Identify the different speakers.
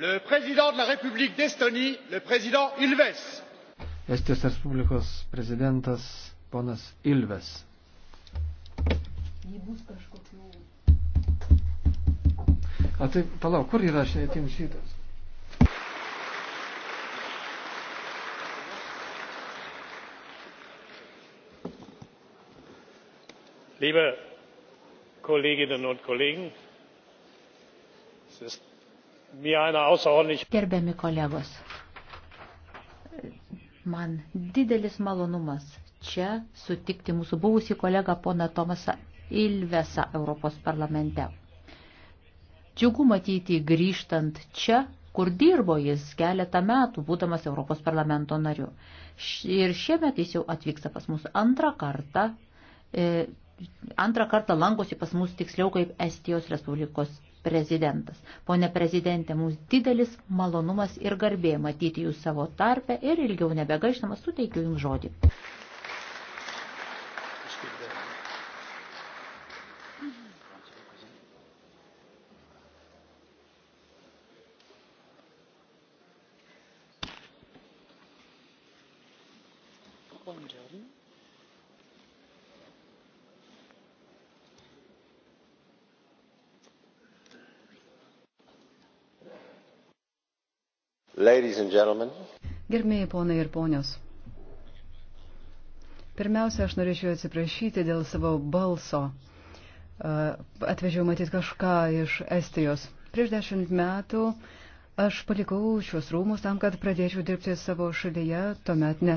Speaker 1: le président de la République d'Estonie, le président Ilves.
Speaker 2: Estijos Respublikos prezidentas ponas Ilves. A tai, palauk, kur yra šiandien šitas? Liebe Kolleginnen und Kollegen, es ist
Speaker 3: Gerbiami kolegos, man didelis malonumas čia sutikti mūsų buvusį kolegą poną Tomasą Ilvesą Europos parlamente. Džiugu matyti grįžtant čia, kur dirbo jis keletą metų, būdamas Europos parlamento nariu. Ir šiemet jis jau atvyksta pas mus antrą kartą. E, antrą kartą lankosi pas mus tiksliau kaip Estijos Respublikos prezidentas. Pone prezidentė, mums didelis malonumas ir garbė matyti jūs savo tarpę ir ilgiau nebegaištamas suteikiu jums žodį. Buongiorno.
Speaker 1: Gerbėjai
Speaker 3: ponai ir ponios. Pirmiausia, aš norėčiau atsiprašyti dėl savo balso. Atvežiau matyti kažką iš Estijos. Prieš dešimt metų aš palikau šios rūmus tam, kad pradėčiau dirbti savo šalyje, tuomet ne.